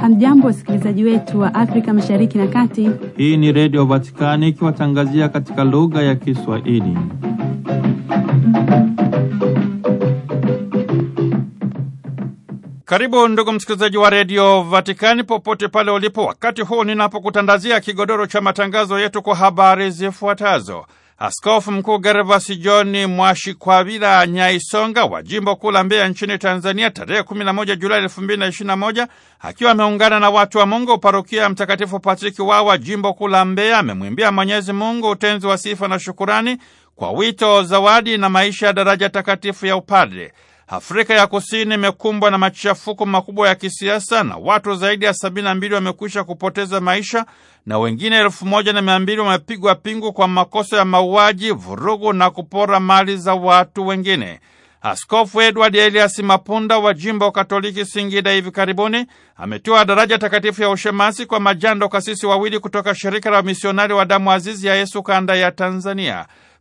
Hamjambo, wasikilizaji wetu wa Afrika Mashariki na Kati. Hii ni Redio Vatikani ikiwatangazia katika lugha ya Kiswahili. Karibu ndugu msikilizaji wa redio Vatikani popote pale ulipo, wakati huu ninapokutandazia kigodoro cha matangazo yetu kwa habari zifuatazo. Askofu Mkuu Gervasi John Mwashikwavira Nyaisonga wa jimbo kuu la Mbeya nchini Tanzania tarehe 11 Julai 2021 akiwa ameungana na watu wa Mungu parokia ya Mtakatifu Patriki wa jimbo kuu la Mbeya amemwimbia Mwenyezi Mungu utenzi wa sifa na shukurani kwa wito, zawadi na maisha ya daraja takatifu ya upadre. Afrika ya Kusini imekumbwa na machafuko makubwa ya kisiasa na watu zaidi ya 72 mbili wamekwisha kupoteza maisha na wengine elfu moja na mia mbili wamepigwa pingu kwa makosa ya mauaji, vurugu na kupora mali za watu wengine. Askofu Edward Elias Mapunda wa jimbo Katoliki Singida hivi karibuni ametoa daraja takatifu ya ushemasi kwa majando kasisi wawili kutoka shirika la misionari wa damu azizi ya Yesu kanda ya Tanzania.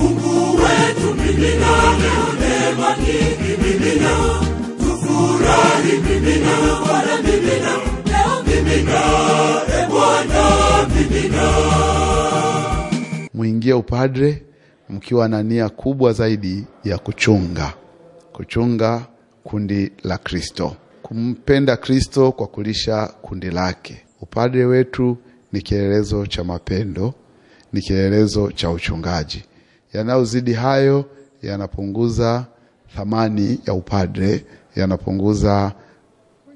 Mungu wetu, leo neema nyingi, tufurahi, Bwana, leo, e Bwana, Mwingie upadre mkiwa na nia kubwa zaidi ya kuchunga kuchunga kundi la Kristo, kumpenda Kristo kwa kulisha kundi lake. Upadre wetu ni kielelezo cha mapendo, ni kielelezo cha uchungaji yanayozidi hayo yanapunguza thamani ya upadre, yanapunguza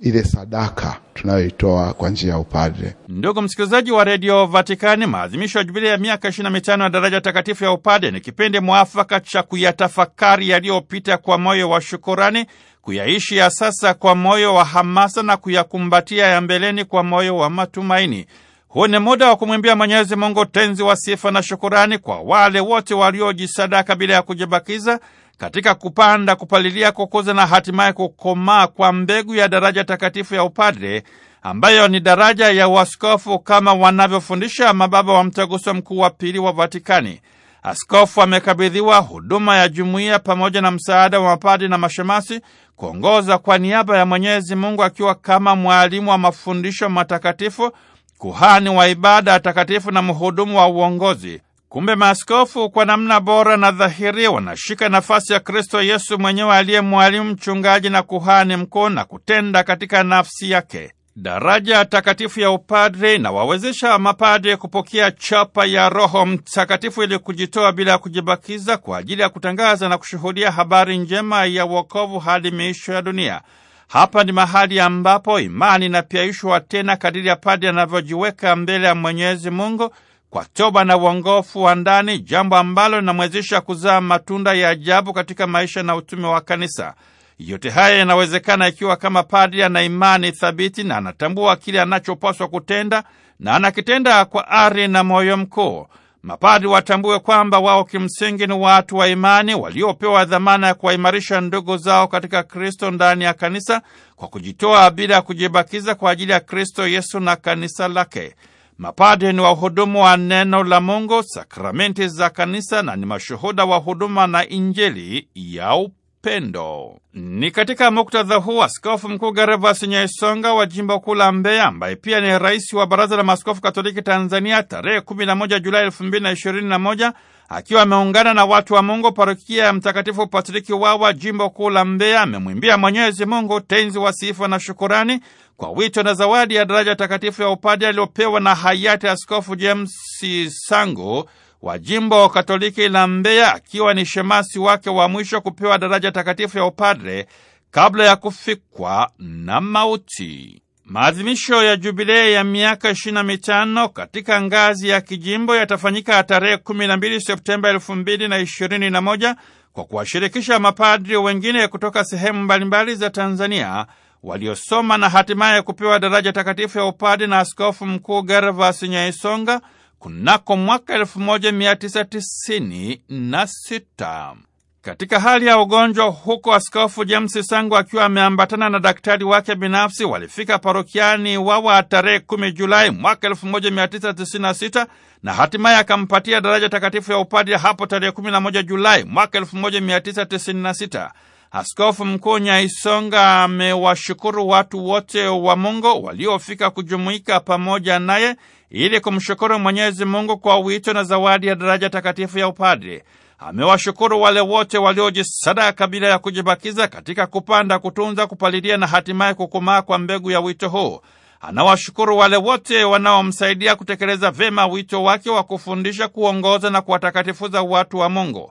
ile sadaka tunayoitoa kwa njia ya upadre. Ndugu msikilizaji wa redio Vatikani, maadhimisho ya jubilia ya miaka 25 na mitano ya daraja takatifu ya upadre ni kipindi mwafaka cha kuyatafakari yaliyopita kwa moyo wa shukurani, kuyaishi ya sasa kwa moyo wa hamasa na kuyakumbatia ya mbeleni kwa moyo wa matumaini. Huu ni muda wa kumwimbia Mwenyezi Mungu tenzi wa sifa na shukurani kwa wale wote waliojisadaka bila ya kujibakiza katika kupanda, kupalilia, kukuza na hatimaye kukomaa kwa mbegu ya daraja takatifu ya upadre ambayo ni daraja ya uaskofu kama wanavyofundisha mababa wa Mtaguso Mkuu wa Pili wa Vatikani. Askofu amekabidhiwa huduma ya jumuiya pamoja na msaada wa mapadi na mashemasi kuongoza kwa niaba ya Mwenyezi Mungu akiwa kama mwalimu wa mafundisho matakatifu kuhani wa ibada takatifu na mhudumu wa uongozi. Kumbe maaskofu kwa namna bora na dhahiri wanashika nafasi ya Kristo Yesu mwenyewe aliye mwalimu, mchungaji na kuhani mkuu na kutenda katika nafsi yake. Daraja takatifu ya upadre inawawezesha mapadri kupokea chapa ya Roho Mtakatifu ili kujitoa bila ya kujibakiza kwa ajili ya kutangaza na kushuhudia habari njema ya wokovu hadi miisho ya dunia. Hapa ni mahali ambapo imani inapyaishwa tena kadiri ya padi anavyojiweka mbele ya Mwenyezi Mungu kwa toba na uongofu wa ndani, jambo ambalo linamwezesha kuzaa matunda ya ajabu katika maisha na utume wa Kanisa. Yote haya yanawezekana ikiwa kama padri ana imani thabiti na anatambua kile anachopaswa kutenda na anakitenda kwa ari na moyo mkuu. Mapadri watambue kwamba wao kimsingi ni watu wa imani waliopewa dhamana ya kuwaimarisha ndugu zao katika Kristo ndani ya kanisa kwa kujitoa bila ya kujibakiza kwa ajili ya Kristo Yesu na kanisa lake. Mapadri ni wahudumu wa neno la Mungu, sakramenti za kanisa na ni mashuhuda wa huduma na Injili ya upendo. Ni katika muktadha huu Askofu Mkuu Gervas Nyaisonga wa jimbo kuu la Mbeya, ambaye pia ni rais wa Baraza la maskofu Katoliki Tanzania, tarehe 11 Julai 2021 akiwa ameungana na watu wa Mungu parokia ya Mtakatifu Patriki Wawa, jimbo kuu la Mbeya, amemwimbia Mwenyezi Mungu tenzi wa sifa na shukurani kwa wito na zawadi ya daraja takatifu ya upadi aliyopewa na hayati Askofu James Sango wa jimbo Katoliki la Mbeya, akiwa ni shemasi wake wa mwisho kupewa daraja takatifu ya upadre kabla ya kufikwa na mauti. Maadhimisho ya jubilei ya miaka 25 katika ngazi ya kijimbo yatafanyika tarehe 12 Septemba 2021 kwa kuwashirikisha mapadri wengine kutoka sehemu mbalimbali za Tanzania waliosoma na hatimaye kupewa daraja takatifu ya upadre na Askofu Mkuu Gervas Nyaisonga kunako mwaka 1996. Katika hali ya ugonjwa huko, Askofu James Sangu akiwa ameambatana na daktari wake binafsi walifika parokiani Wawa tarehe 10 Julai mwaka 1996 na hatimaye akampatia daraja takatifu ya upadi hapo tarehe 11 Julai mwaka 1996. Askofu Mkuu Nyaisonga amewashukuru watu wote wa Mungu waliofika kujumuika pamoja naye ili kumshukuru Mwenyezi Mungu kwa wito na zawadi ya daraja takatifu ya upadre. Amewashukuru wale wote waliojisadaka bila ya kujibakiza katika kupanda, kutunza, kupalilia na hatimaye kukomaa kwa mbegu ya wito huu. Anawashukuru wale wote wanaomsaidia kutekeleza vema wito wake wa kufundisha, kuongoza na kuwatakatifuza watu wa Mungu.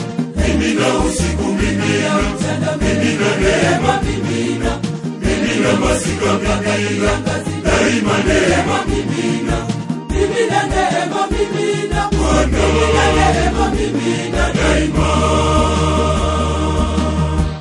mimi na usiku, mimi na mimi na neema, mimi na mimina mimina masika, mimina daima neema, mimi na mimi na neema, mimi mimina Bwana neema, na daima.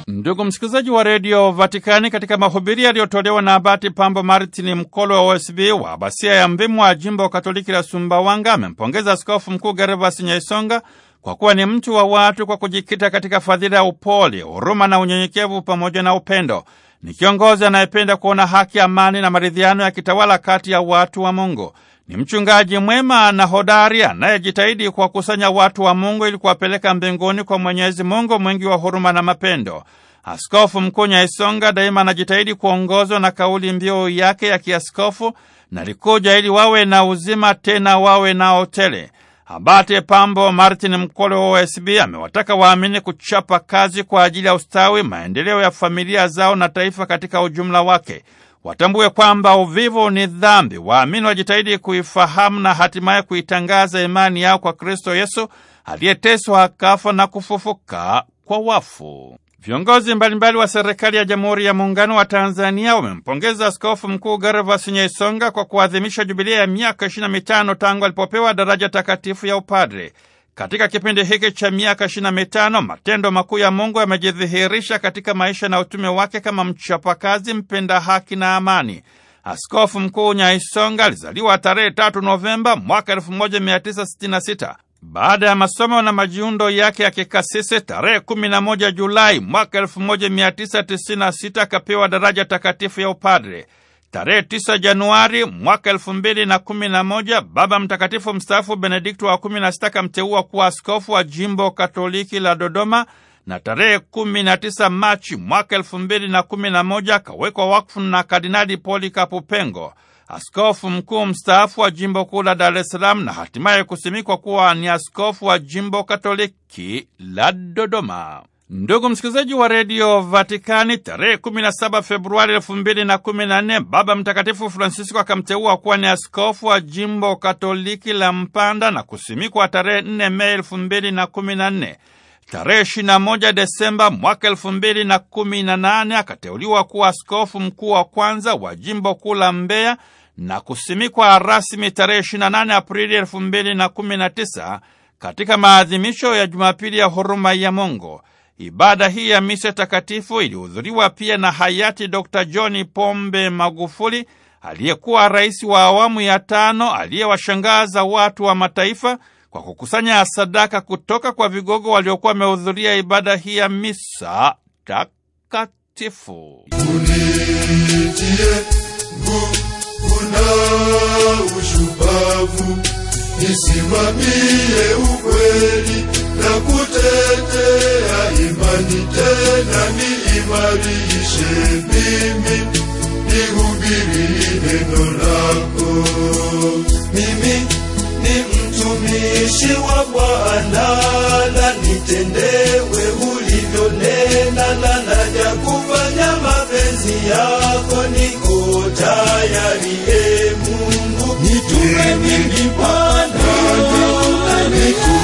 Ndugu msikilizaji wa redio Vatikani, katika mahubiri yaliyotolewa na Abati Pambo Martin Mkolo wa OSB wa abasia ya Mvimu wa jimbo Katoliki la Sumbawanga, amempongeza Askofu Mkuu Gervas Nyaisonga kwa kuwa ni mtu wa watu kwa kujikita katika fadhila ya upole, huruma na unyenyekevu pamoja na upendo. Ni kiongozi anayependa kuona haki, amani na maridhiano yakitawala kati ya watu wa Mungu. Ni mchungaji mwema na hodari anayejitahidi kuwakusanya watu wa Mungu ili kuwapeleka mbinguni kwa Mwenyezi Mungu mwingi wa huruma na mapendo. Askofu Mkuu Nyaisonga daima anajitahidi kuongozwa na kauli mbiu yake ya kiaskofu, nalikuja ili wawe na uzima, tena wawe nao tele. Abate Pambo Martin Mkole wa OSB amewataka waamini kuchapa kazi kwa ajili ya ustawi, maendeleo ya familia zao na taifa katika ujumla wake. Watambue kwamba uvivu ni dhambi. Waamini wajitahidi kuifahamu na hatimaye kuitangaza imani yao kwa Kristo Yesu aliyeteswa akafa na kufufuka kwa wafu. Viongozi mbalimbali wa serikali ya Jamhuri ya Muungano wa Tanzania wamempongeza Askofu Mkuu Gervas Nyaisonga kwa kuadhimisha jubilia ya miaka 25 tangu alipopewa daraja takatifu ya upadre. Katika kipindi hiki cha miaka 25 matendo makuu ya Mungu yamejidhihirisha katika maisha na utume wake kama mchapakazi, mpenda haki na amani. Askofu Mkuu Nyaisonga alizaliwa tarehe 3 Novemba mwaka 1966. Baada ya masomo na majiundo yake ya kikasisi, tarehe 11 Julai mwaka 1996 akapewa daraja takatifu ya upadre. Tarehe 9 Januari mwaka 2011 Baba Mtakatifu mstaafu Benedikto wa 16 akamteua kuwa askofu wa jimbo katoliki la Dodoma, na tarehe 19 Machi mwaka 2011 akawekwa wakfu na Kardinali Polikapu Pengo askofu mkuu mstaafu wa jimbo kuu la Dar es Salaam na hatimaye kusimikwa kuwa ni askofu wa jimbo katoliki la Dodoma. Ndugu msikilizaji wa redio Vatikani, tarehe 17 Februari 2014 Baba Mtakatifu Francisco akamteua kuwa ni askofu wa jimbo katoliki la Mpanda na kusimikwa tarehe 4 Mei 2014. Tarehe 21 Desemba mwaka 2018 akateuliwa kuwa askofu mkuu wa kwanza wa jimbo kuu la Mbeya na kusimikwa rasmi tarehe 28 Aprili 2019 katika maadhimisho ya Jumapili ya huruma ya Mungu. Ibada hii ya misa takatifu ilihudhuriwa pia na hayati Dr. John Pombe Magufuli aliyekuwa rais wa awamu ya tano, aliyewashangaza watu wa mataifa kwa kukusanya sadaka kutoka kwa vigogo waliokuwa wamehudhuria ibada hii ya misa takatifu na ushupavu, nisimamie ukweli na kutetea imani, tena niimarishe mimi, nihubiri neno lako. Mimi ni mtumishi wa Bwana, na nitendewe ulivyonena, na naja kufanya mapenzi yako tayari e Mungu nitume mimi Bwana nitume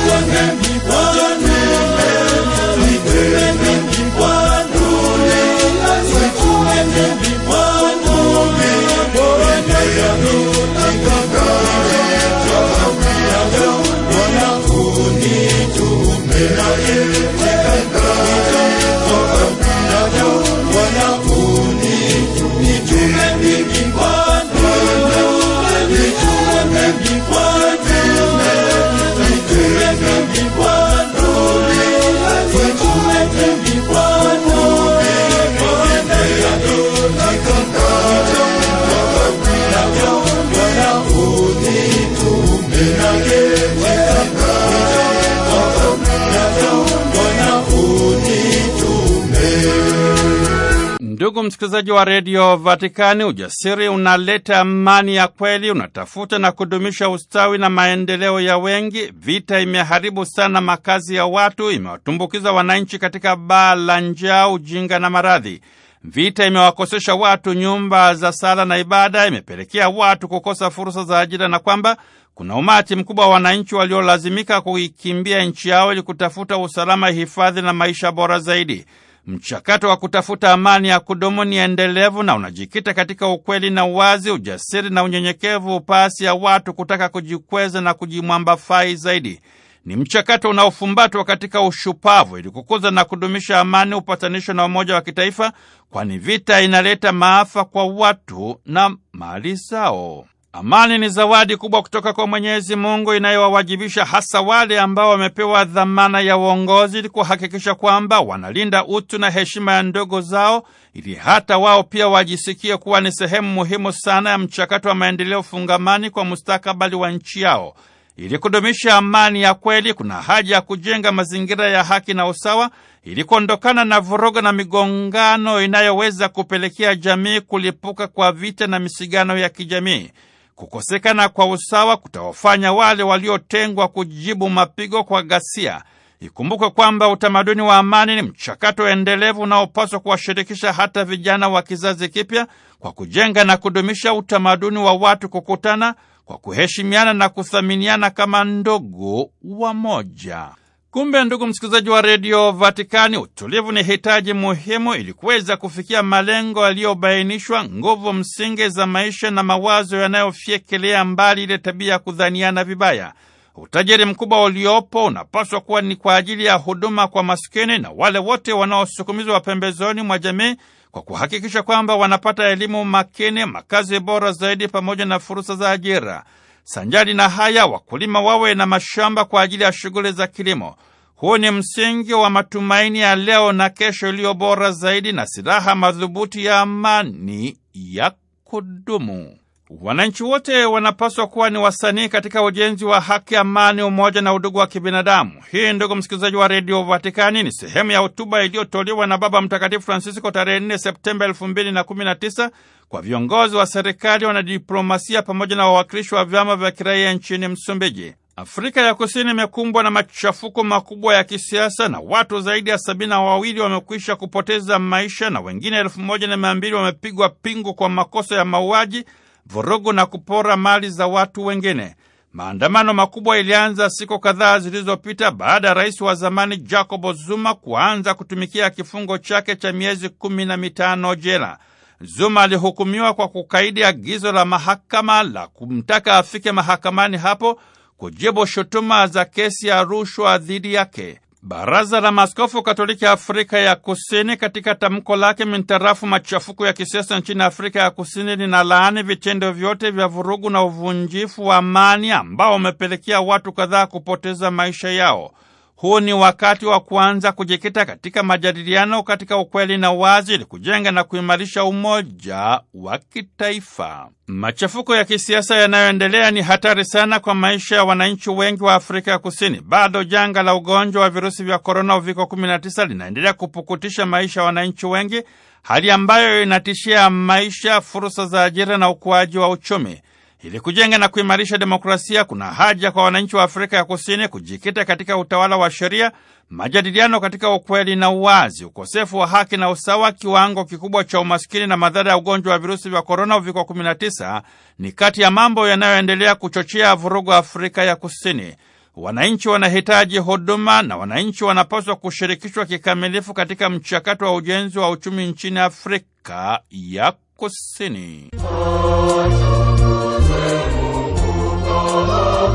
Ndugu msikilizaji wa redio Vatikani, ujasiri unaleta amani ya kweli, unatafuta na kudumisha ustawi na maendeleo ya wengi. Vita imeharibu sana makazi ya watu, imewatumbukiza wananchi katika baa la njaa, ujinga na maradhi. Vita imewakosesha watu nyumba za sala na ibada, imepelekea watu kukosa fursa za ajira, na kwamba kuna umati mkubwa wa wananchi waliolazimika kuikimbia nchi yao ili kutafuta usalama, hifadhi na maisha bora zaidi. Mchakato wa kutafuta amani ya kudumu ni endelevu na unajikita katika ukweli na uwazi, ujasiri na unyenyekevu, pasi ya watu kutaka kujikweza na kujimwambafai zaidi. Ni mchakato unaofumbatwa katika ushupavu ili kukuza na kudumisha amani, upatanisho na umoja wa kitaifa, kwani vita inaleta maafa kwa watu na mali zao. Amani ni zawadi kubwa kutoka kwa Mwenyezi Mungu inayowawajibisha hasa wale ambao wamepewa dhamana ya uongozi ili kuhakikisha kwamba wanalinda utu na heshima ya ndogo zao ili hata wao pia wajisikie kuwa ni sehemu muhimu sana ya mchakato wa maendeleo fungamani kwa mustakabali wa nchi yao. Ili kudumisha amani ya kweli, kuna haja ya kujenga mazingira ya haki na usawa ili kuondokana na vuruga na migongano inayoweza kupelekea jamii kulipuka kwa vita na misigano ya kijamii. Kukosekana kwa usawa kutawafanya wale waliotengwa kujibu mapigo kwa ghasia. Ikumbukwe kwamba utamaduni wa amani ni mchakato endelevu unaopaswa kuwashirikisha hata vijana wa kizazi kipya kwa kujenga na kudumisha utamaduni wa watu kukutana kwa kuheshimiana na kuthaminiana kama ndugu wamoja. Kumbe ndugu msikilizaji wa redio Vatikani, utulivu ni hitaji muhimu ili kuweza kufikia malengo yaliyobainishwa, nguvu msingi za maisha na mawazo yanayofyekelea mbali ile tabia ya kudhaniana vibaya. Utajiri mkubwa uliopo unapaswa kuwa ni kwa ajili ya huduma kwa maskini na wale wote wanaosukumizwa pembezoni mwa jamii, kwa kuhakikisha kwamba wanapata elimu makini, makazi bora zaidi, pamoja na fursa za ajira. Sanjari na haya, wakulima wawe na mashamba kwa ajili ya shughuli za kilimo. Huu ni msingi wa matumaini ya leo na kesho iliyo bora zaidi na silaha madhubuti ya amani ya kudumu. Wananchi wote wanapaswa kuwa ni wasanii katika ujenzi wa haki, amani, umoja na udugu wa kibinadamu. Hii, ndugu msikilizaji wa redio Vatikani, ni sehemu ya hotuba iliyotolewa na Baba Mtakatifu Francisco tarehe 4 Septemba 2019 kwa viongozi wa serikali, wanadiplomasia pamoja na wawakilishi wa vyama vya kiraia nchini Msumbiji. Afrika ya Kusini imekumbwa na machafuko makubwa ya kisiasa na watu zaidi ya sabini na wawili wamekwisha kupoteza maisha na wengine elfu moja na mia mbili wamepigwa pingu kwa makosa ya mauaji, vurugu na kupora mali za watu wengine. Maandamano makubwa ilianza siku kadhaa zilizopita baada ya rais wa zamani Jacob Zuma kuanza kutumikia kifungo chake cha miezi kumi na mitano jela. Zuma alihukumiwa kwa kukaidi agizo la mahakama la kumtaka afike mahakamani hapo kujibu shutuma za kesi ya rushwa dhidi yake. Baraza la maskofu Katoliki Afrika ya Kusini katika tamko lake mintarafu machafuko ya kisiasa nchini Afrika ya Kusini linalaani vitendo vyote vya vurugu na uvunjifu wa amani ambao umepelekea watu kadhaa kupoteza maisha yao. Huu ni wakati wa kuanza kujikita katika majadiliano katika ukweli na wazi ili kujenga na kuimarisha umoja wa kitaifa. Machafuko ya kisiasa yanayoendelea ni hatari sana kwa maisha ya wananchi wengi wa Afrika ya Kusini. Bado janga la ugonjwa wa virusi vya korona uviko 19 linaendelea kupukutisha maisha ya wananchi wengi, hali ambayo inatishia maisha, fursa za ajira na ukuaji wa uchumi. Ili kujenga na kuimarisha demokrasia, kuna haja kwa wananchi wa Afrika ya Kusini kujikita katika utawala wa sheria, majadiliano katika ukweli na uwazi, ukosefu wa haki na usawa, kiwango kikubwa cha umaskini na madhara ya ugonjwa wa virusi vya korona uviko 19 ni kati ya mambo yanayoendelea kuchochea vurugu Afrika ya Kusini. Wananchi wanahitaji huduma na wananchi wanapaswa kushirikishwa kikamilifu katika mchakato wa ujenzi wa uchumi nchini Afrika ya Kusini.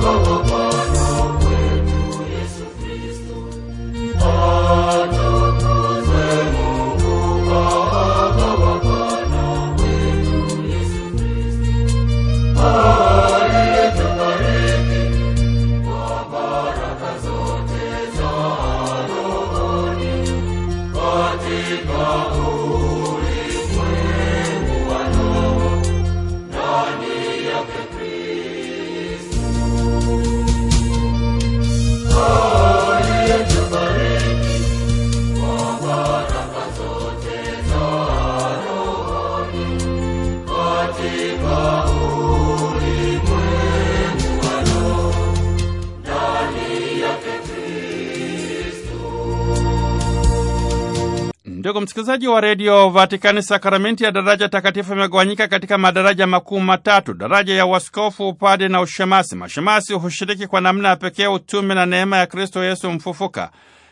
whoa, whoa, whoa. Ndugu msikilizaji wa redio Vatikani, sakramenti ya daraja takatifu imegawanyika katika madaraja makuu matatu: daraja ya uaskofu, upade na ushemasi. Mashemasi hushiriki kwa namna ya pekee utume na neema ya Kristo Yesu mfufuka.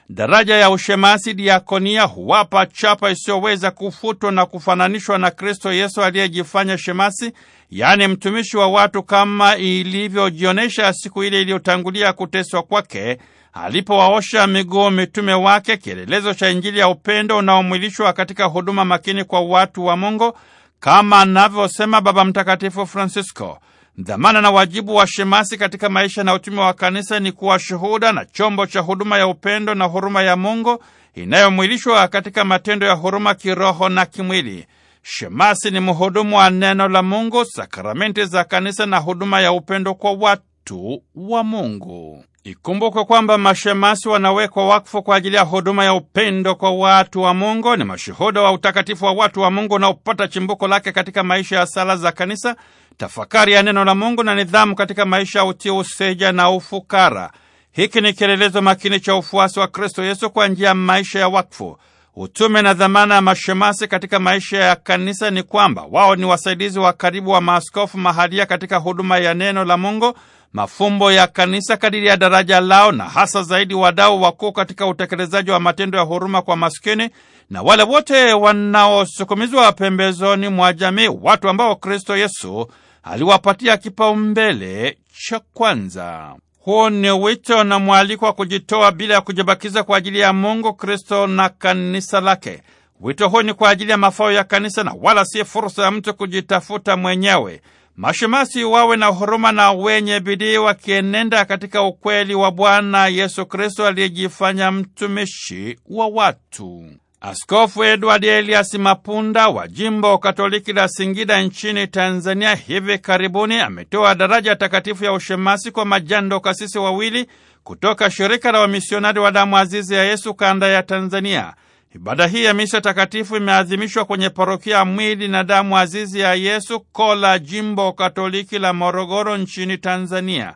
Daraja ya ushemasi, diakonia huwapa chapa isiyoweza kufutwa na kufananishwa na Kristo Yesu aliyejifanya shemasi, yaani mtumishi wa watu, kama ilivyojionyesha siku ile iliyotangulia kuteswa kwake alipowaosha miguu mitume wake, kielelezo cha Injili ya upendo unaomwilishwa katika huduma makini kwa watu wa Mungu, kama anavyosema Baba Mtakatifu Francisco. Dhamana na wajibu wa shemasi katika maisha na utume wa kanisa ni kuwa shuhuda na chombo cha huduma ya upendo na huruma ya Mungu inayomwilishwa katika matendo ya huruma kiroho na kimwili. Shemasi ni mhudumu wa neno la Mungu, sakramenti za kanisa na huduma ya upendo kwa watu wa Mungu. Ikumbukwe kwamba mashemasi wanawekwa wakfu kwa ajili ya huduma ya upendo kwa watu wa Mungu. Ni mashuhuda wa utakatifu wa watu wa Mungu unaopata chimbuko lake katika maisha ya sala za kanisa, tafakari ya neno la Mungu na nidhamu katika maisha ya utii, useja na ufukara. Hiki ni kielelezo makini cha ufuasi wa Kristo Yesu kwa njia ya maisha ya wakfu. Utume na dhamana ya mashemasi katika maisha ya kanisa ni kwamba wao ni wasaidizi wa karibu wa maaskofu mahalia katika huduma ya neno la Mungu, mafumbo ya kanisa kadiri ya daraja lao, na hasa zaidi wadau wakuu katika utekelezaji wa matendo ya huruma kwa maskini na wale wote wanaosukumizwa pembezoni mwa jamii, watu ambao Kristo Yesu aliwapatia kipaumbele cha kwanza. Huu ni wito na mwaliko wa kujitoa bila ya kujibakiza kwa ajili ya Mungu, Kristo na kanisa lake. Wito huu ni kwa ajili ya mafao ya kanisa na wala si fursa ya mtu kujitafuta mwenyewe. Mashemasi wawe na huruma na wenye bidii, wakienenda katika ukweli wa Bwana Yesu Kristo aliyejifanya mtumishi wa watu. Askofu Edward Elias Mapunda wa jimbo Katoliki la Singida nchini Tanzania hivi karibuni ametoa daraja takatifu ya ushemasi kwa majando kasisi wawili kutoka shirika la wamisionari wa damu azizi ya Yesu kanda ya Tanzania. Ibada hii ya misa takatifu imeadhimishwa kwenye parokia mwili na damu azizi ya Yesu Kola, jimbo Katoliki la Morogoro nchini Tanzania.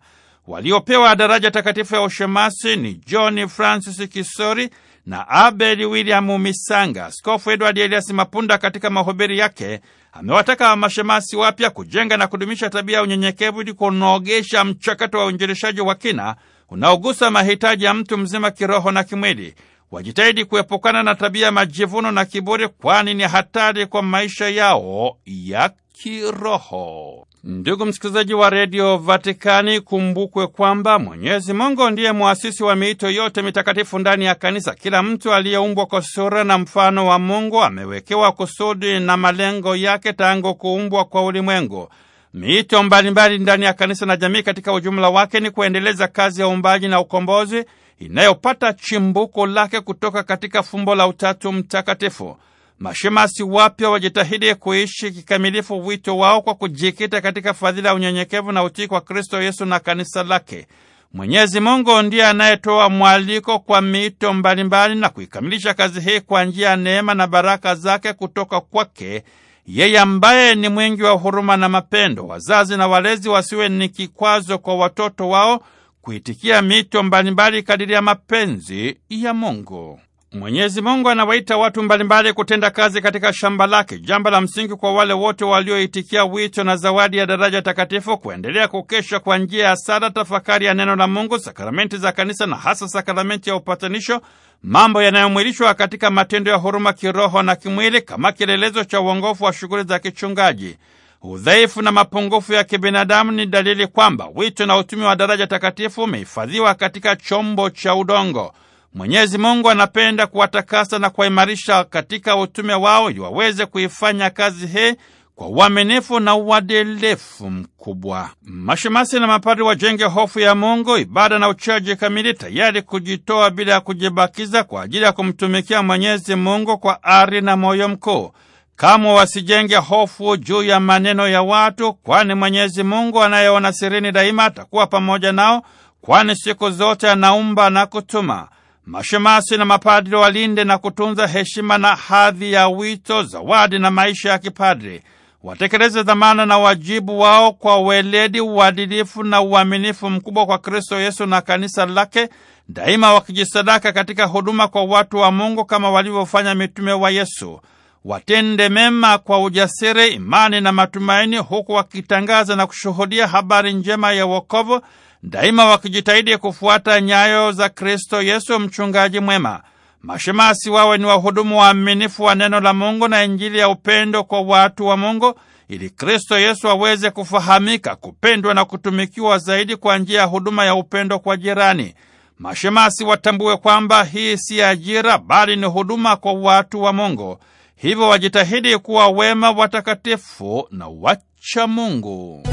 Waliopewa daraja takatifu ya ushemasi ni John Francis Kisori na Abel William Misanga. Askofu Edward Elias Mapunda katika mahubiri yake amewataka mashemasi wapya kujenga na kudumisha tabia ya unyenyekevu ili kunogesha mchakato wa uinjilishaji wa kina unaogusa mahitaji ya mtu mzima kiroho na kimwili. Wajitahidi kuepukana na tabia ya majivuno na kiburi, kwani ni hatari kwa maisha yao ya kiroho. Ndugu msikilizaji wa redio Vatikani, kumbukwe kwamba Mwenyezi Mungu ndiye mwasisi wa miito yote mitakatifu ndani ya kanisa. Kila mtu aliyeumbwa kwa sura na mfano wa Mungu amewekewa kusudi na malengo yake tangu kuumbwa kwa ulimwengu. Miito mbalimbali ndani ya kanisa na jamii katika ujumla wake ni kuendeleza kazi ya uumbaji na ukombozi inayopata chimbuko lake kutoka katika fumbo la Utatu Mtakatifu. Mashemasi wapya wajitahidi kuishi kikamilifu wito wao kwa kujikita katika fadhila ya unyenyekevu na utii kwa Kristo Yesu na kanisa lake. Mwenyezi Mungu ndiye anayetoa mwaliko kwa mito mbalimbali na kuikamilisha kazi hii kwa njia ya neema na baraka zake kutoka kwake yeye ambaye ni mwingi wa huruma na mapendo. Wazazi na walezi wasiwe ni kikwazo kwa watoto wao kuitikia mito mbalimbali kadiri ya mapenzi ya Mungu. Mwenyezi Mungu anawaita watu mbalimbali kutenda kazi katika shamba lake. Jambo la msingi kwa wale wote walioitikia wito na zawadi ya daraja takatifu, kuendelea kukesha kwa njia ya sala, tafakari ya neno la Mungu, sakramenti za kanisa na hasa sakramenti ya upatanisho, mambo yanayomwilishwa katika matendo ya huruma kiroho na kimwili kama kielelezo cha uongofu wa shughuli za kichungaji. Udhaifu na mapungufu ya kibinadamu ni dalili kwamba wito na utumi wa daraja takatifu umehifadhiwa katika chombo cha udongo. Mwenyezi Mungu anapenda kuwatakasa na kuwaimarisha katika utume wao ili waweze kuifanya kazi hii kwa uaminifu na uadilifu mkubwa. Mashemasi na mapadri wajenge hofu ya Mungu, ibada na uchaji kamili, tayari kujitoa bila ya kujibakiza kwa ajili ya kumtumikia Mwenyezi Mungu kwa ari na moyo mkuu. Kamwe wasijenge hofu juu ya maneno ya watu, kwani Mwenyezi Mungu anayeona sirini daima atakuwa pamoja nao, kwani siku zote anaumba na kutuma mashemasi na mapadri walinde na kutunza heshima na hadhi ya wito, zawadi na maisha ya kipadri. Watekeleze dhamana na wajibu wao kwa weledi, uadilifu na uaminifu mkubwa kwa Kristo Yesu na kanisa lake, daima wakijisadaka katika huduma kwa watu wa Mungu kama walivyofanya mitume wa Yesu. Watende mema kwa ujasiri, imani na matumaini, huku wakitangaza na kushuhudia habari njema ya wokovu daima wakijitahidi kufuata nyayo za Kristo Yesu, mchungaji mwema. Mashemasi wawe ni wahudumu waaminifu wa neno la Mungu na Injili ya upendo kwa watu wa Mungu, ili Kristo Yesu aweze kufahamika, kupendwa na kutumikiwa zaidi kwa njia ya huduma ya upendo kwa jirani. Mashemasi watambue kwamba hii si ajira, bali ni huduma kwa watu wa Mungu. Hivyo wajitahidi kuwa wema, watakatifu na wacha Mungu.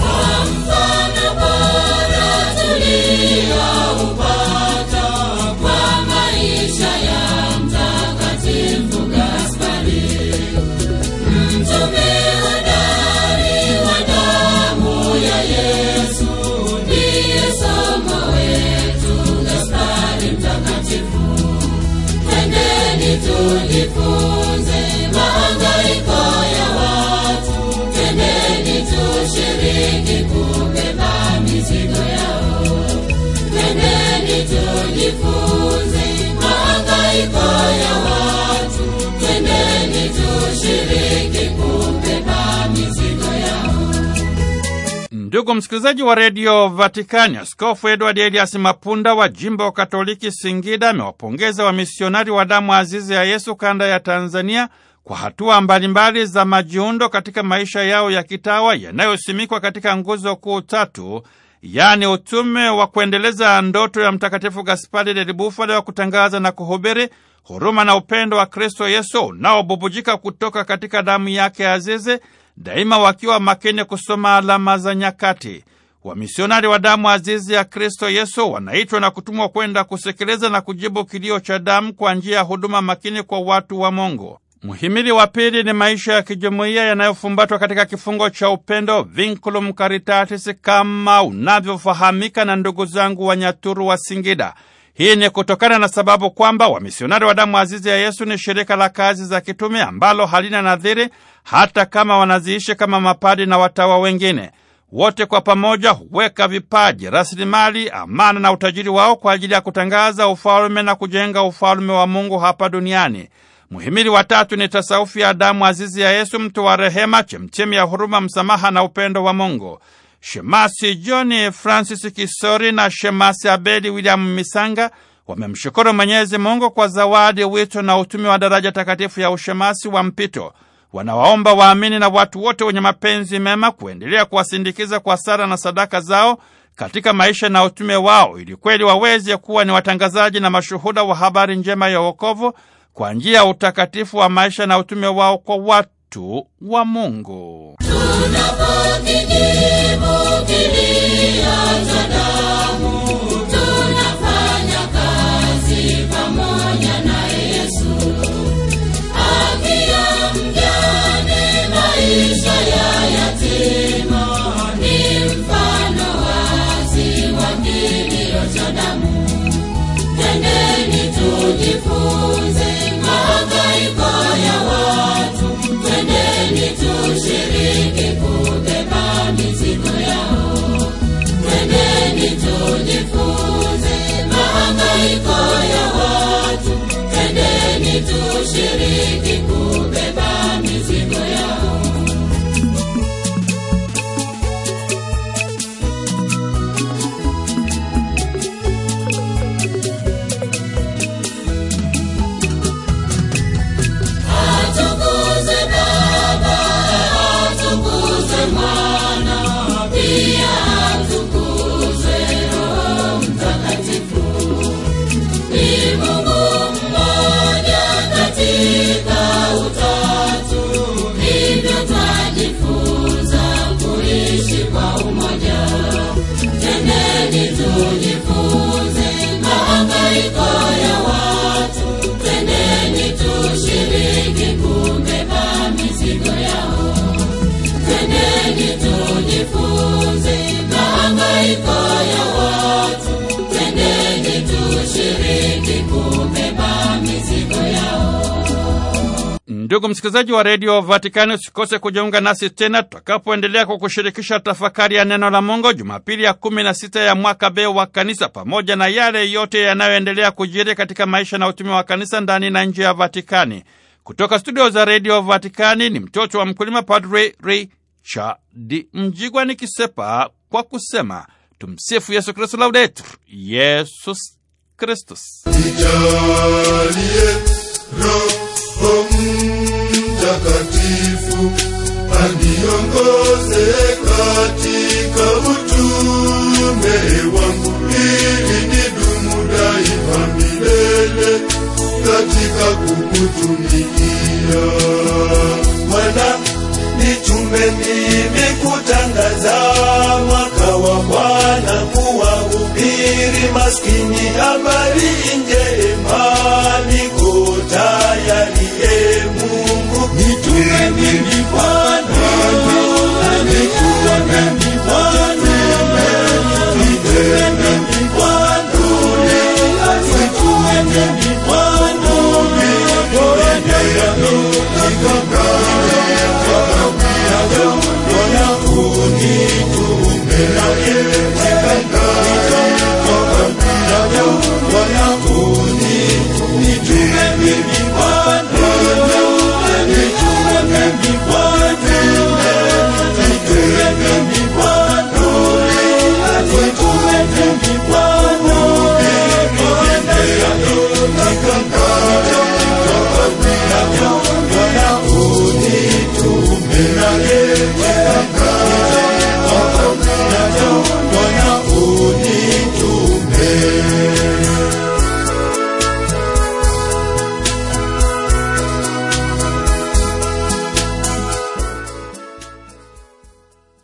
the upande Ndugu msikilizaji wa redio Vatikani, Askofu Edward Elias Mapunda wa jimbo Katoliki Singida amewapongeza wamisionari wa damu azizi ya Yesu kanda ya Tanzania kwa hatua mbalimbali za majiundo katika maisha yao ya kitawa yanayosimikwa katika nguzo kuu tatu, yaani utume wa kuendeleza ndoto ya Mtakatifu Gaspari del Bufalo wa kutangaza na kuhubiri huruma na upendo wa Kristo Yesu unaobubujika kutoka katika damu yake azizi, daima wakiwa makini kusoma alama za nyakati. Wamisionari wa damu azizi ya Kristo Yesu wanaitwa na kutumwa kwenda kusekeleza na kujibu kilio cha damu kwa njia ya huduma makini kwa watu wa Mungu. Muhimili wa pili ni maisha ya kijumuiya yanayofumbatwa katika kifungo cha upendo, vinculum caritatis, kama unavyofahamika na ndugu zangu Wanyaturu wa Singida. Hii ni kutokana na sababu kwamba wamisionari wa damu azizi ya Yesu ni shirika la kazi za kitume ambalo halina nadhiri, hata kama wanaziishi kama mapadi na watawa wengine. Wote kwa pamoja huweka vipaji, rasilimali, amana na utajiri wao kwa ajili ya kutangaza ufalume na kujenga ufalume wa Mungu hapa duniani. Muhimili wa tatu ni tasaufi ya damu azizi ya Yesu, mtu wa rehema, chemchemi ya huruma, msamaha na upendo wa Mungu. Shemasi John Francis Kisori na Shemasi Abedi William Misanga wamemshukuru Mwenyezi Mungu kwa zawadi, wito na utumi wa daraja takatifu ya ushemasi wa mpito. Wanawaomba waamini na watu wote wenye mapenzi mema kuendelea kuwasindikiza kwa sala na sadaka zao katika maisha na utume wao, ili kweli waweze kuwa ni watangazaji na mashuhuda wa habari njema ya wokovu kwa njia ya utakatifu wa maisha na utume wao kwa watu wa Mungu. Tunapokini. Hallelujah, tujifunze mahangaiko ya watu, tendeni tushiriki kumbe Victoria. Ndugu msikilizaji wa redio Vatikani, usikose kujiunga nasi tena tutakapoendelea kushirikisha tafakari ya neno la Mungu Jumapili ya kumi na sita ya mwaka B wa Kanisa, pamoja na yale yote yanayoendelea kujiri katika maisha na utumi wa kanisa ndani na nje ya Vatikani. Kutoka studio za redio Vatikani ni mtoto wa mkulima Padre Richard Mjigwa nikisepa kwa kusema tumsifu Yesu Kristu, laudetur Yesus Kristus mtakatifu aniongoze katika utume wangu ili nidumu daima milele katika kukutumikia Bwana nitume mimi kutangaza mwaka wa Bwana kuwahubiri maskini habari njema